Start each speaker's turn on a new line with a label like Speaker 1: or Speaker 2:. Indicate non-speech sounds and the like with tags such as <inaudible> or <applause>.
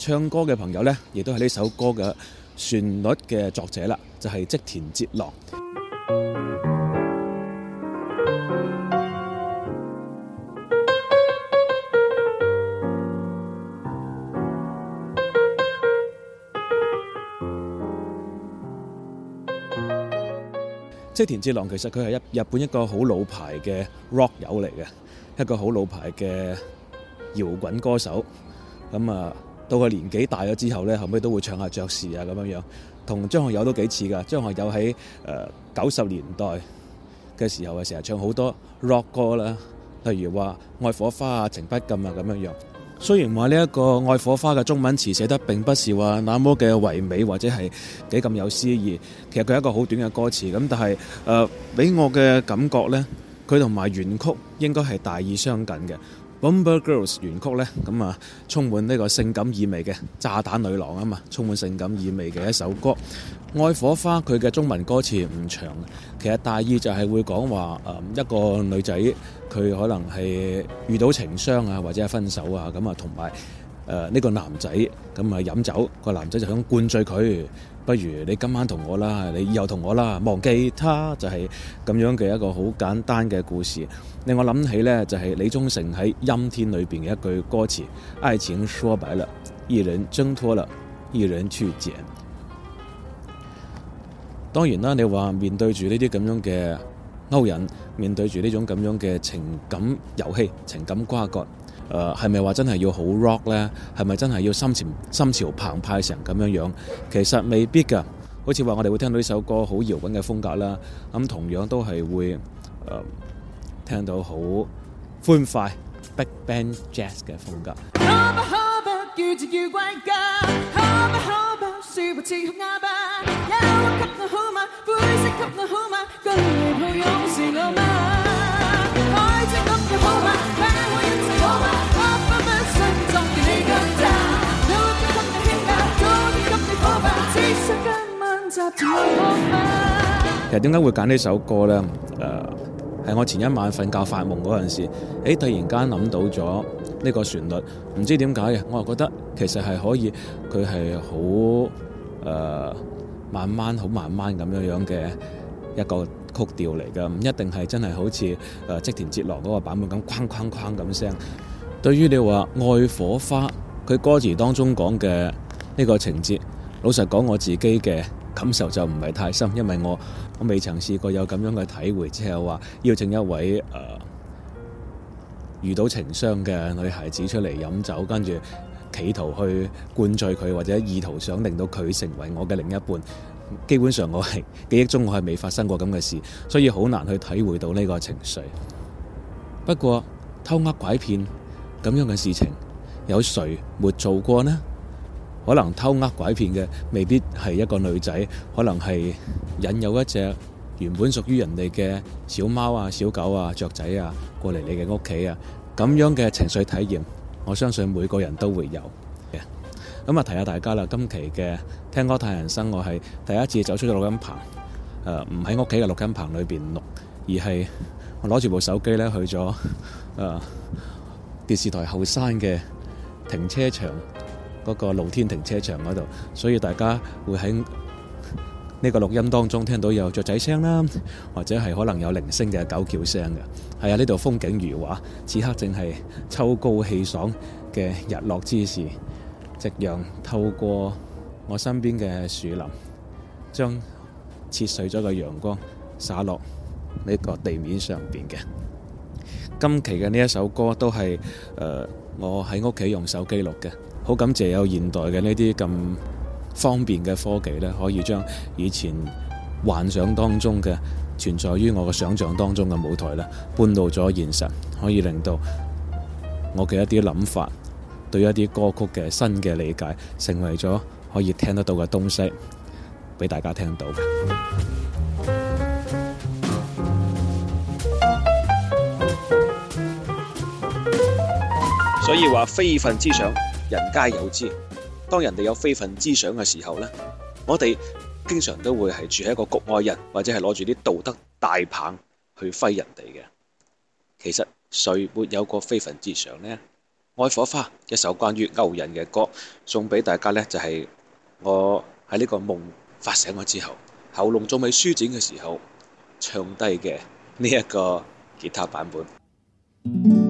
Speaker 1: 唱歌嘅朋友呢，亦都係呢首歌嘅旋律嘅作者啦，就係、是、織田哲郎。織田哲郎其實佢係一日本一個好老牌嘅 rock 友嚟嘅，一個好老牌嘅搖滾歌手。咁啊～到佢年紀大咗之後呢，後尾都會唱下爵士啊咁樣樣，同張學友都幾似噶。張學友喺誒九十年代嘅時候啊，成日唱好多 rock 歌啦，例如話《愛火花》啊、《情不禁》啊咁樣樣。雖然話呢一個《愛火花》嘅中文詞寫得並不是話那麼嘅唯美或者係幾咁有詩意，其實佢係一個好短嘅歌詞咁，但係誒俾我嘅感覺呢，佢同埋原曲應該係大意相近嘅。《Bomb Girls》原曲呢，咁啊充滿呢個性感意味嘅炸彈女郎啊嘛，充滿性感意味嘅一首歌，《愛火花》佢嘅中文歌詞唔長，其實大意就係會講話誒一個女仔佢可能係遇到情傷啊，或者係分手啊，咁啊同埋，誒、呃、呢、這個男仔咁啊飲酒，個男仔就想灌醉佢。不如你今晚同我啦，你以後同我啦，忘記他就係、是、咁樣嘅一個好簡單嘅故事。令我諗起呢，就係、是、李宗盛喺《陰天》裏邊嘅一句歌詞：「愛情說白了，一人掙脱了，一人去撿。」當然啦，你話面對住呢啲咁樣嘅勾引，面對住呢種咁樣嘅情感遊戲、情感瓜葛。誒，係咪話真係要好 rock 咧？係咪真係要心潮，心潮澎湃成咁樣樣？其實未必噶。好似話我哋會聽到呢首歌好搖滾嘅風格啦，咁、嗯、同樣都係會、呃、聽到好歡快 big band jazz 嘅風格。 <music> 其實點解會揀呢首歌呢？誒，係我前一晚瞓覺發夢嗰陣時，誒、哎，突然間諗到咗呢個旋律，唔知點解嘅，我又覺得其實係可以，佢係好誒，uh, 慢慢好慢慢咁樣樣嘅一個曲調嚟嘅，唔一定係真係好似誒織田哲郎嗰個版本咁框框框咁聲。對於你話愛火花，佢歌詞當中講嘅呢個情節，老實講我自己嘅。感受就唔係太深，因為我我未曾試過有咁樣嘅體會，即係話邀請一位誒、呃、遇到情傷嘅女孩子出嚟飲酒，跟住企圖去灌醉佢，或者意圖想令到佢成為我嘅另一半。基本上我係記憶中我係未發生過咁嘅事，所以好難去體會到呢個情緒。不過偷呃拐騙咁樣嘅事情，有誰沒做過呢？可能偷呃拐騙嘅未必係一個女仔，可能係引誘一隻原本屬於人哋嘅小貓啊、小狗啊、雀仔啊過嚟你嘅屋企啊，咁樣嘅情緒體驗，我相信每個人都會有嘅。咁啊，提下大家啦，今期嘅聽歌嘆人生，我係第一次走出咗錄音棚，唔喺屋企嘅錄音棚裏邊錄，而係我攞住部手機咧去咗，呃、電視台後山嘅停車場。嗰、那個露天停車場嗰度，所以大家會喺呢個錄音當中聽到有雀仔聲啦，或者係可能有鈴聲嘅狗叫聲嘅。係啊，呢度風景如畫，此刻正係秋高氣爽嘅日落之時，夕陽透過我身邊嘅樹林，將切碎咗嘅陽光灑落呢個地面上邊嘅。今期嘅呢一首歌都係誒、呃、我喺屋企用手機錄嘅。好感謝有現代嘅呢啲咁方便嘅科技呢，可以將以前幻想當中嘅存在於我嘅想像當中嘅舞台呢搬到咗現實，可以令到我嘅一啲諗法對一啲歌曲嘅新嘅理解，成為咗可以聽得到嘅東西俾大家聽到嘅。所以話非分之想。人皆有之。當人哋有非分之想嘅時候呢，我哋經常都會係住喺一個局外人，或者係攞住啲道德大棒去揮人哋嘅。其實誰沒有過非分之想呢？《愛火花》一首關於勾人嘅歌，送俾大家呢，就係我喺呢個夢發醒咗之後，喉嚨仲未舒展嘅時候唱低嘅呢一個吉他版本。